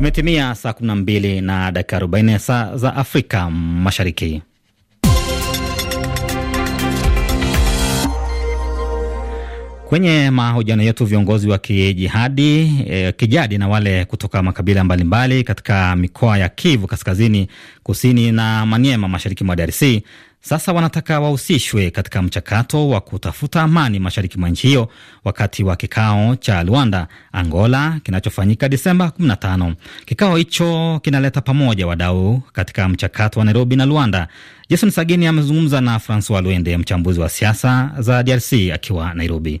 Imetimia saa 12 na dakika 40 saa za Afrika Mashariki. Kwenye mahojiano yetu viongozi wa kijihadi e, kijadi na wale kutoka makabila mbalimbali mbali katika mikoa ya Kivu Kaskazini, Kusini na Maniema, mashariki mwa DRC sasa wanataka wahusishwe katika mchakato wa kutafuta amani mashariki mwa nchi hiyo wakati wa kikao cha Luanda, Angola, kinachofanyika Disemba 15. Kikao hicho kinaleta pamoja wadau katika mchakato wa Nairobi na Luanda. Jason Sagini amezungumza na Francois Luende, mchambuzi wa siasa za DRC akiwa Nairobi.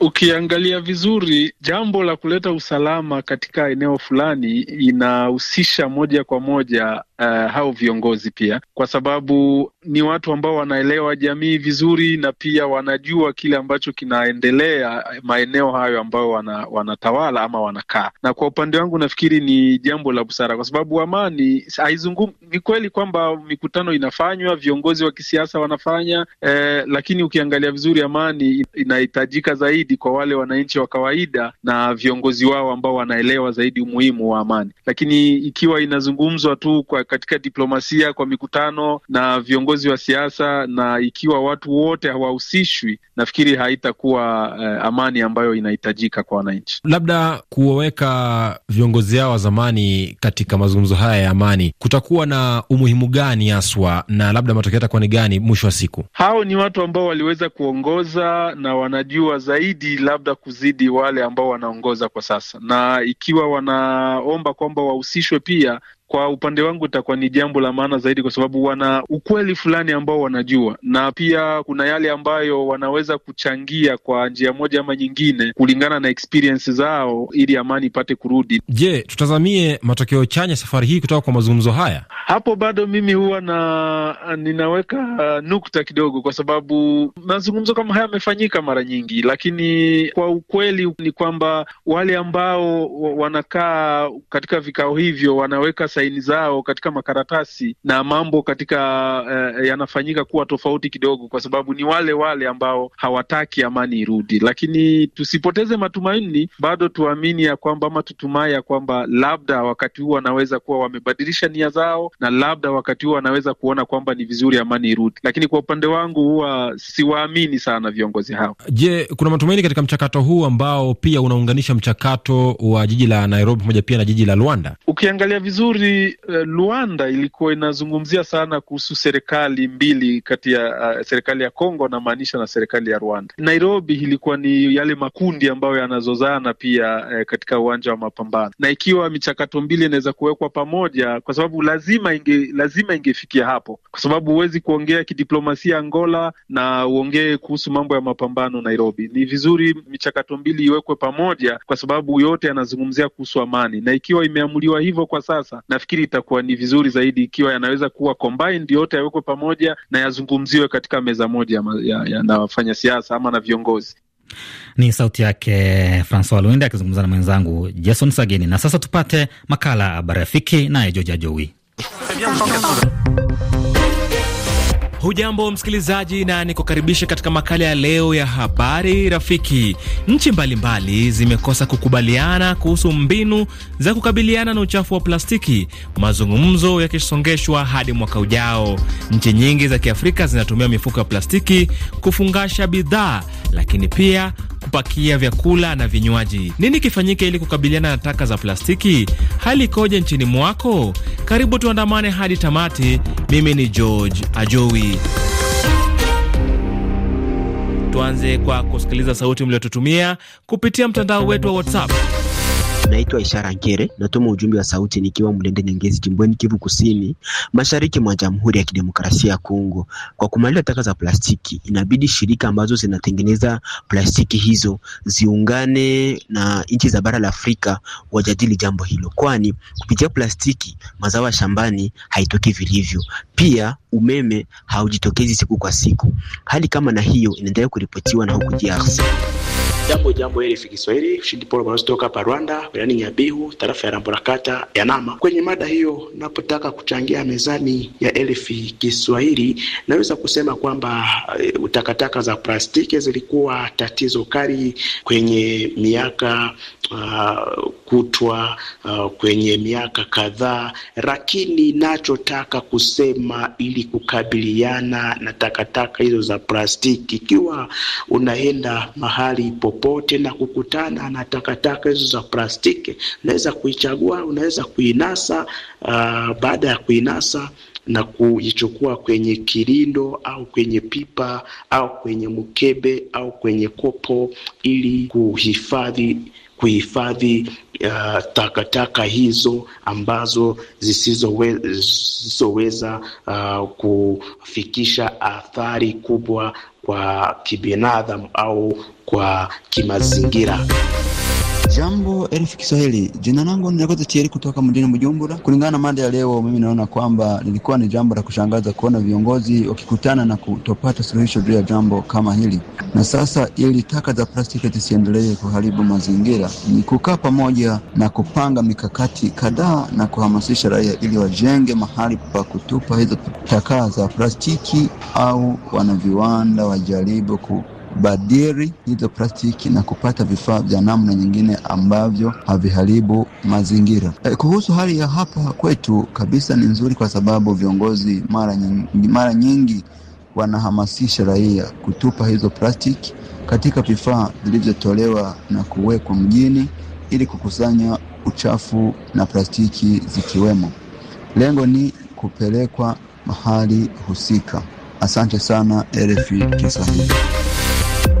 Ukiangalia vizuri, jambo la kuleta usalama katika eneo fulani inahusisha moja kwa moja uh, hao viongozi pia, kwa sababu ni watu ambao wanaelewa jamii vizuri na pia wanajua kile ambacho kinaendelea maeneo hayo ambayo wana, wanatawala ama wanakaa. Na kwa upande wangu nafikiri ni jambo la busara, kwa sababu amani haizungum. Ni kweli kwamba mikutano inafanywa, viongozi wa kisiasa wanafanya eh, lakini ukiangalia vizuri, amani inahitajika zaidi kwa wale wananchi wa kawaida na viongozi wao ambao wanaelewa zaidi umuhimu wa amani, lakini ikiwa inazungumzwa tu kwa katika diplomasia kwa mikutano na viongozi wa siasa, na ikiwa watu wote hawahusishwi, nafikiri haitakuwa eh, amani ambayo inahitajika kwa wananchi. Labda kuwaweka viongozi hao wa zamani katika mazungumzo haya ya amani kutakuwa na umuhimu gani haswa, na labda matokeo yatakuwa ni gani mwisho wa siku? Hao ni watu ambao waliweza kuongoza na wanajua zaidi, labda kuzidi wale ambao wanaongoza kwa sasa, na ikiwa wanaomba kwamba wahusishwe pia kwa upande wangu itakuwa ni jambo la maana zaidi, kwa sababu wana ukweli fulani ambao wanajua, na pia kuna yale ambayo wanaweza kuchangia kwa njia moja ama nyingine, kulingana na experience zao, ili amani ipate kurudi. Je, tutazamie matokeo chanya safari hii kutoka kwa mazungumzo haya? Hapo bado mimi huwa na ninaweka uh, nukta kidogo, kwa sababu mazungumzo kama haya yamefanyika mara nyingi, lakini kwa ukweli ni kwamba wale ambao wanakaa katika vikao hivyo wanaweka saini zao katika makaratasi na mambo katika uh, yanafanyika kuwa tofauti kidogo, kwa sababu ni wale wale ambao hawataki amani irudi. Lakini tusipoteze matumaini, bado tuamini ya kwamba ama tutumai ya kwamba labda wakati huu wanaweza kuwa wamebadilisha nia zao, na labda wakati huu wanaweza kuona kwamba ni vizuri amani irudi. Lakini kwa upande wangu huwa siwaamini sana viongozi hao. Je, kuna matumaini katika mchakato huu ambao pia unaunganisha mchakato wa jiji la Nairobi pamoja pia na jiji la Luanda? Ukiangalia vizuri Juzi uh, Luanda ilikuwa inazungumzia sana kuhusu serikali mbili kati ya uh, serikali ya Kongo namaanisha na serikali ya Rwanda. Nairobi ilikuwa ni yale makundi ambayo yanazozana pia uh, katika uwanja wa mapambano, na ikiwa michakato mbili inaweza kuwekwa pamoja, kwa sababu lazima inge, lazima ingefikia hapo, kwa sababu huwezi kuongea kidiplomasia Angola na uongee kuhusu mambo ya mapambano Nairobi. Ni vizuri michakato mbili iwekwe pamoja, kwa sababu yote yanazungumzia kuhusu amani, na ikiwa imeamuliwa hivyo kwa sasa na nafikiri itakuwa ni vizuri zaidi ikiwa yanaweza kuwa combined yote yawekwe pamoja na yazungumziwe katika meza moja ya, ya, na wafanyasiasa ama na viongozi. Ni sauti yake Francois Luende akizungumza na mwenzangu Jason Sagini. Na sasa tupate makala Habari Rafiki naye Joja Jowi. Hujambo msikilizaji, na nikukaribisha katika makala ya leo ya habari rafiki. Nchi mbalimbali zimekosa kukubaliana kuhusu mbinu za kukabiliana na uchafu wa plastiki, mazungumzo yakisongeshwa hadi mwaka ujao. Nchi nyingi za Kiafrika zinatumia mifuko ya plastiki kufungasha bidhaa, lakini pia kupakia vyakula na vinywaji. Nini kifanyike ili kukabiliana na taka za plastiki? Hali ikoje nchini mwako? Karibu tuandamane hadi tamati. Mimi ni George Ajowi. Tuanze kwa kusikiliza sauti mliotutumia kupitia mtandao wetu wa WhatsApp. Naitwa Ishara Ngere, natuma ujumbe wa sauti nikiwa Mlende Nyangezi, jimboni Kivu Kusini, mashariki mwa Jamhuri ya Kidemokrasia ya Kongo. Kwa kumaliza taka za plastiki, inabidi shirika ambazo zinatengeneza plastiki hizo ziungane na nchi za bara la Afrika wajadili jambo hilo, kwani kupitia plastiki mazao ya shambani haitoki vilivyo. Pia umeme haujitokezi siku kwa siku. Hali kama na hiyo inaendelea kuripotiwa na huku DRC. Jambo jambo RFI Kiswahili, ushindi polo balozi toka hapa Rwanda, wilayani Nyabihu, tarafa ya Rambarakata ya Nama. Kwenye mada hiyo, napotaka kuchangia mezani ya RFI Kiswahili, naweza kusema kwamba uh, eh, takataka za plastiki zilikuwa tatizo kali kwenye miaka uh, kutwa uh, kwenye miaka kadhaa, lakini nachotaka kusema ili kukabiliana na takataka hizo za plastiki, ikiwa unaenda mahali popote popote na kukutana na takataka hizo za plastiki. Unaweza kuichagua, unaweza kuinasa. Uh, baada ya kuinasa na kuichukua kwenye kilindo au kwenye pipa au kwenye mkebe au kwenye kopo ili kuhifadhi kuhifadhi uh, takataka hizo ambazo zisizoweza uh, kufikisha athari kubwa kwa kibinadamu au kwa kimazingira. Jambo elfu Kiswahili, jina langu ni Rakoza Chieri kutoka mjini Bujumbura. Kulingana na mada ya leo, mimi naona kwamba lilikuwa ni jambo la kushangaza kuona viongozi wakikutana na kutopata suluhisho juu ya jambo kama hili, na sasa ili taka za plastiki zisiendelee kuharibu mazingira, ni kukaa pamoja na kupanga mikakati kadhaa na kuhamasisha raia ili wajenge mahali pa kutupa hizo taka za plastiki, au wanaviwanda wajaribu ku badiri hizo plastiki na kupata vifaa vya namna nyingine ambavyo haviharibu mazingira. E, kuhusu hali ya hapa kwetu kabisa ni nzuri, kwa sababu viongozi mara nyingi, mara nyingi wanahamasisha raia kutupa hizo plastiki katika vifaa vilivyotolewa na kuwekwa mjini ili kukusanya uchafu na plastiki zikiwemo. Lengo ni kupelekwa mahali husika. Asante sana RFI Kiswahili.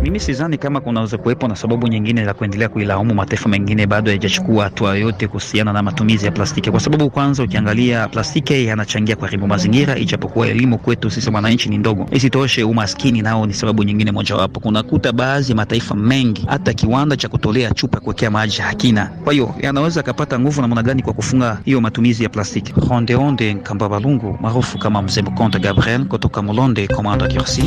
Mimi sidhani kama kunaweza kuwepo na sababu nyingine za kuendelea kuilaumu mataifa mengine bado hayajachukua hatua yoyote kuhusiana na matumizi ya plastiki, kwa sababu kwanza, ukiangalia plastiki yanachangia kuharibu mazingira, ijapokuwa elimu kwetu sisi wananchi ni ndogo. Isitoshe, umaskini nao ni sababu nyingine mojawapo. Kunakuta baadhi ya mataifa mengi hata kiwanda cha kutolea chupa kuwekea maji hakina. Kwa hiyo yanaweza akapata nguvu namna gani kwa kufunga hiyo matumizi ya plastiki? Rondeonde Kambabalungu maarufu kama Mzee Mkonte Gabriel kutoka Mulonde, Komanda Kirsi.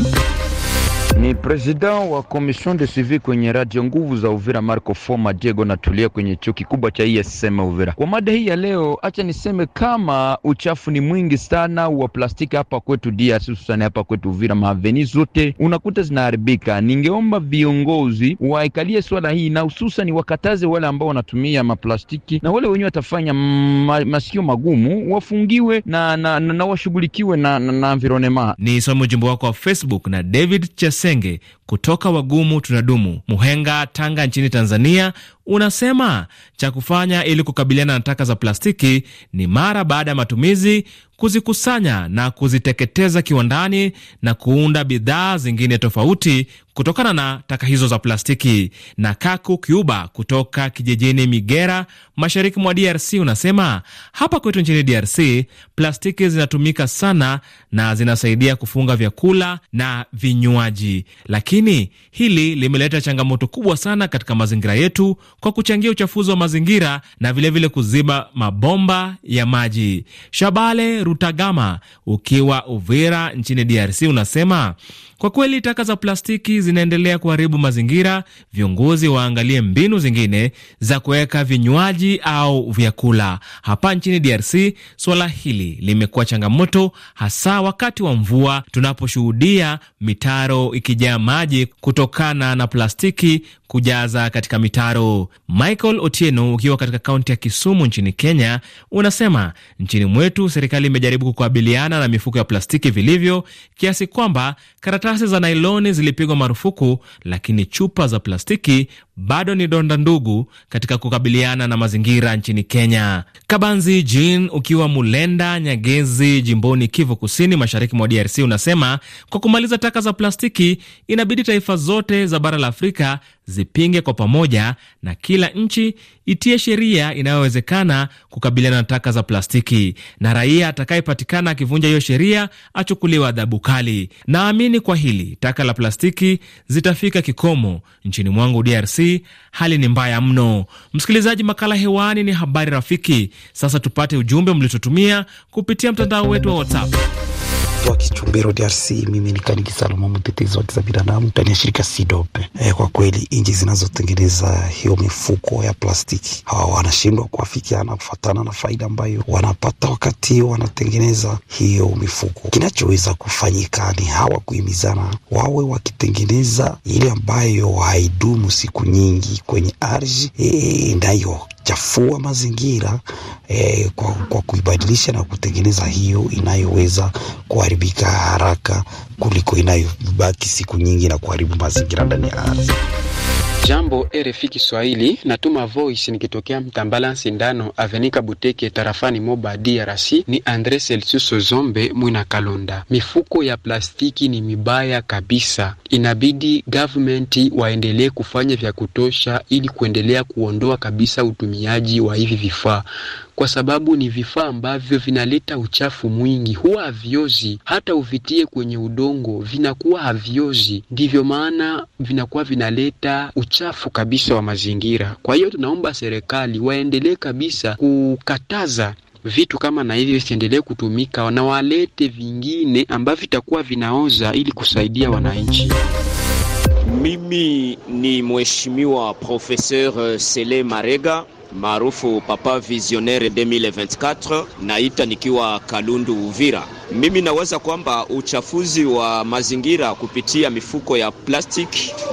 Ni president wa commission de suivi kwenye radio nguvu za Uvira, Marco Foma Diego, natulia kwenye chuo kikubwa cha ISM e Uvira. Kwa mada hii ya leo, acha niseme kama uchafu ni mwingi sana wa plastiki hapa kwetu DRC, hususan hapa kwetu Uvira, mahaveni zote unakuta zinaharibika. Ningeomba viongozi waikalie swala hii na hususani wakataze wale ambao wanatumia maplastiki na wale wenyewe watafanya ma, masikio magumu wafungiwe na, na, na, na washughulikiwe na, na, na Ni somo jimbo wako wa Facebook na David Chess Senge kutoka wagumu tunadumu. Muhenga, Tanga nchini Tanzania, unasema cha kufanya ili kukabiliana na taka za plastiki ni mara baada ya matumizi kuzikusanya na kuziteketeza kiwandani na kuunda bidhaa zingine tofauti kutokana na taka hizo za plastiki. Na Kaku Kyuba kutoka kijijini Migera, mashariki mwa DRC, unasema hapa kwetu nchini DRC plastiki zinatumika sana na zinasaidia kufunga vyakula na vinywaji, lakini lakini hili limeleta changamoto kubwa sana katika mazingira yetu kwa kuchangia uchafuzi wa mazingira na vilevile vile kuziba mabomba ya maji. Shabale Rutagama ukiwa Uvira nchini DRC unasema kwa kweli taka za plastiki zinaendelea kuharibu mazingira. Viongozi waangalie mbinu zingine za kuweka vinywaji au vyakula. Hapa nchini DRC suala hili limekuwa changamoto, hasa wakati wa mvua tunaposhuhudia mitaro ikijaa maji kutokana na plastiki kujaza katika mitaro. Michael Otieno, ukiwa katika kaunti ya Kisumu nchini Kenya, unasema nchini mwetu serikali imejaribu kukabiliana na mifuko ya plastiki vilivyo, kiasi kwamba karatasi za nailoni zilipigwa marufuku, lakini chupa za plastiki bado ni donda ndugu katika kukabiliana na mazingira nchini Kenya. Kabanzi Jean, ukiwa Mulenda Nyagezi, jimboni Kivu Kusini, mashariki mwa DRC, unasema kwa kumaliza taka za plastiki inabidi taifa zote za bara la Afrika zipinge kwa pamoja na kila nchi itie sheria inayowezekana kukabiliana na taka za plastiki, na raia atakayepatikana akivunja hiyo sheria achukuliwa adhabu kali. Naamini kwa hili taka la plastiki zitafika kikomo nchini mwangu DRC hali ni mbaya mno. Msikilizaji, makala hewani ni habari rafiki. Sasa tupate ujumbe mlitotumia kupitia mtandao wetu wa WhatsApp wa Kichumbero, DRC, mimi ni Kaniki Salama, mtetezi wa haki za binadamu ndani ya shirika Sidope. E, eh, kwa kweli nchi zinazotengeneza hiyo mifuko ya plastiki hawa wanashindwa kuafikiana kufatana na faida ambayo wanapata wakati wanatengeneza hiyo mifuko. Kinachoweza kufanyika ni hawa kuhimizana, wawe wakitengeneza ile ambayo haidumu siku nyingi kwenye ardhi e, eh, nayo chafua mazingira eh, kwa, kwa kuibadilisha na kutengeneza hiyo inayoweza kuharibika haraka kuliko inayobaki siku nyingi na kuharibu mazingira ndani ya ardhi. Jambo RFI Kiswahili, natuma voice nikitokea Mtambala sindano avenika Buteke tarafani Moba DRC. Ni Andre Celsius Zombe Mwina Kalonda. Mifuko ya plastiki ni mibaya kabisa, inabidi government waendelee kufanya vya kutosha ili kuendelea kuondoa kabisa utumiaji wa hivi vifaa kwa sababu ni vifaa ambavyo vinaleta uchafu mwingi, huwa haviozi. Hata uvitie kwenye udongo vinakuwa haviozi, ndivyo maana vinakuwa vinaleta uchafu kabisa wa mazingira. Kwa hiyo tunaomba serikali waendelee kabisa kukataza vitu kama na hivyo visiendelee kutumika na walete vingine ambavyo vitakuwa vinaoza ili kusaidia wananchi. Mimi ni mheshimiwa Profeseur Sele Marega maarufu Papa Visionnaire 2024 naita nikiwa Kalundu Uvira. Mimi naweza kwamba uchafuzi wa mazingira kupitia mifuko ya plastik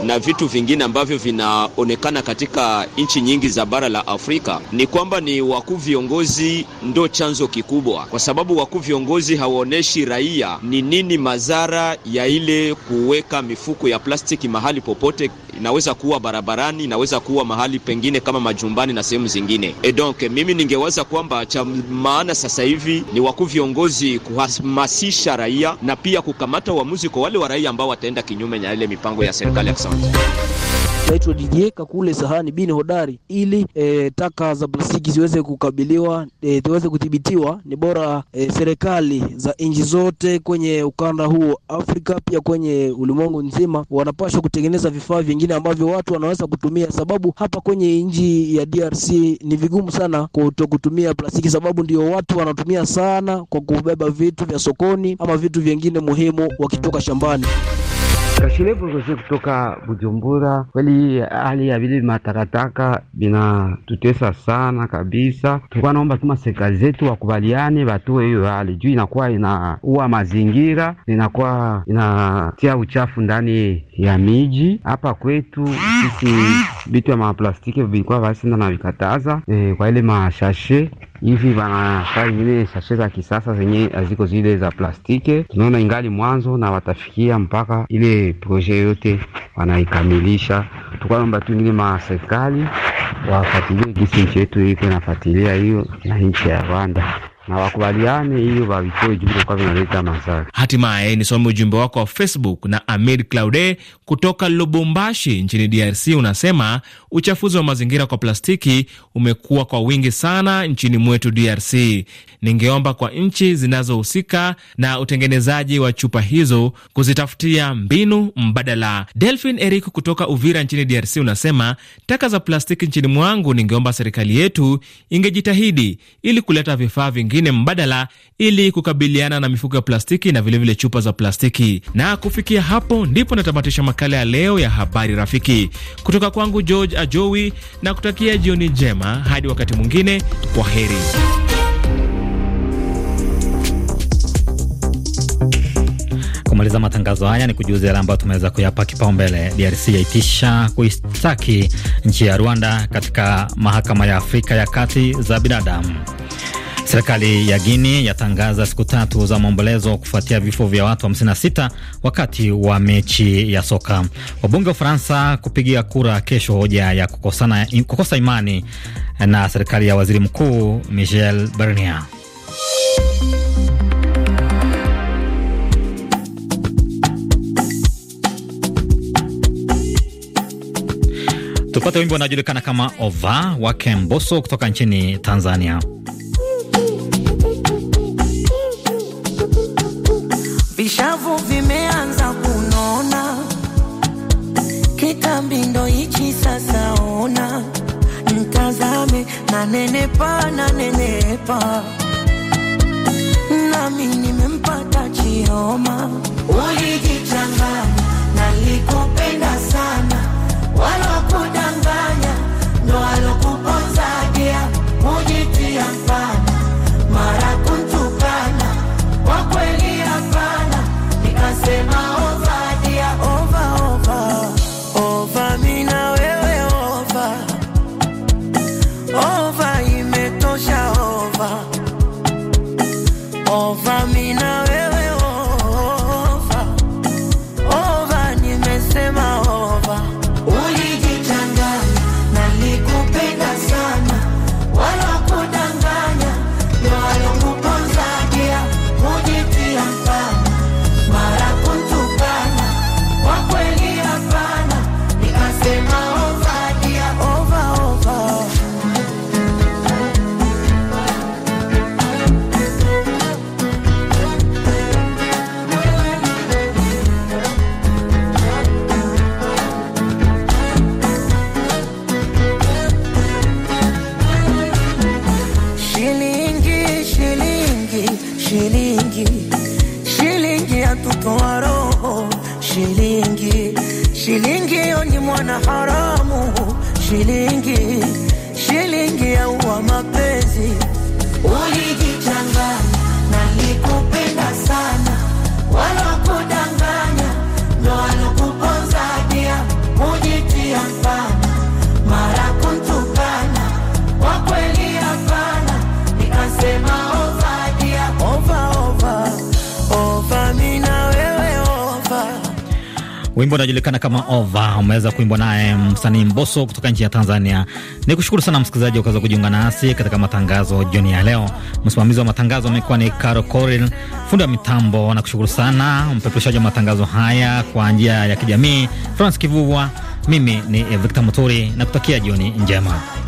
na vitu vingine ambavyo vinaonekana katika nchi nyingi za bara la Afrika ni kwamba ni wakuu viongozi ndo chanzo kikubwa, kwa sababu wakuu viongozi hawaoneshi raia ni nini madhara ya ile kuweka mifuko ya plastiki mahali popote. Inaweza kuwa barabarani, inaweza kuwa mahali pengine kama majumbani na sehemu zingine. E donc mimi ningewaza kwamba cha maana sasa hivi ni wakuu viongozi kuhas kuhamasisha raia na pia kukamata uamuzi kwa wale wa raia ambao wataenda kinyume na ile mipango ya serikali ya naitwa DJ Kakule Sahani Bini Hodari, ili e, taka za plastiki ziweze kukabiliwa e, ziweze kudhibitiwa, ni bora e, serikali za nchi zote kwenye ukanda huo Afrika, pia kwenye ulimwengu nzima, wanapaswa kutengeneza vifaa vingine ambavyo watu wanaweza kutumia, sababu hapa kwenye nchi ya DRC ni vigumu sana kutokutumia plastiki, sababu ndio watu wanatumia sana kwa kubeba vitu vya sokoni ama vitu vingine muhimu wakitoka shambani. Kashile Proje kutoka Bujumbura. Kweli hali ya vile matakataka vinatutesa sana kabisa. Tulikuwa naomba tuma serikali zetu wakubaliane watoe hiyo hali, juu inakuwa inaua mazingira, inakuwa inatia uchafu ndani ya miji. Hapa kwetu sisi vitu vya maplastiki vilikuwa vasenda na vikataza e, kwa ile mashashe hivi wanafaa ingine sashe za kisasa zenye haziko zile za plastike. Tunaona ingali mwanzo na watafikia mpaka ile proje yote wanaikamilisha. Tukaomba tu ingine maserikali wafatilie gisi nchi yetu iko nafatilia hiyo na nchi ya Rwanda na wakubaliane hiyo wavitoe jumbe kwa vinaleta madhara. Hatimaye nisome ujumbe wako wa Facebook na Amid Claude kutoka Lubumbashi nchini DRC, unasema uchafuzi wa mazingira kwa plastiki umekuwa kwa wingi sana nchini mwetu DRC. Ningeomba kwa nchi zinazohusika na utengenezaji wa chupa hizo kuzitafutia mbinu mbadala. Delphin Eric kutoka Uvira nchini DRC unasema taka za plastiki nchini mwangu, ningeomba serikali yetu ingejitahidi ili kuleta vifaa vingine nyingine mbadala ili kukabiliana na mifuko ya plastiki na vilevile vile chupa za plastiki. Na kufikia hapo ndipo natamatisha makala ya leo ya habari rafiki kutoka kwangu George Ajowi, na kutakia jioni njema hadi wakati mwingine, kwa heri. Kumaliza matangazo haya ni kujuza yale ambayo tumeweza kuyapa kipaumbele. DRC yaitisha kuistaki nchi ya Rwanda katika mahakama ya Afrika ya kati za binadamu. Serikali ya Guini yatangaza siku tatu za maombolezo kufuatia vifo vya watu 56 wa wakati wa mechi ya soka. Wabunge wa Ufaransa kupigia kura kesho hoja ya kukosana, kukosa imani na serikali ya waziri mkuu Michel Barnier. Tupate wimbo wanaojulikana kama Ova wake Mboso kutoka nchini Tanzania. Shavu vimeanza kunona, kitambi ndo hichi sasa. Ona mtazame, nanenepa nanenepa, nami nimempata Chioma. Ulijichanganya, nalikupenda sana, walokudanganya ndo walokuponzagia, ujitia shilingi Wimbo unajulikana kama Over umeweza kuimbwa naye msanii mboso kutoka nchi ya Tanzania. Ni kushukuru sana msikilizaji ukaweza kujiunga nasi katika matangazo jioni ya leo. Msimamizi wa matangazo amekuwa ni Caro Corin, fundi wa mitambo na kushukuru sana mpeperushaji wa matangazo haya kwa njia ya kijamii Franc kivuwa Mimi ni Victor Muturi na kutakia jioni njema.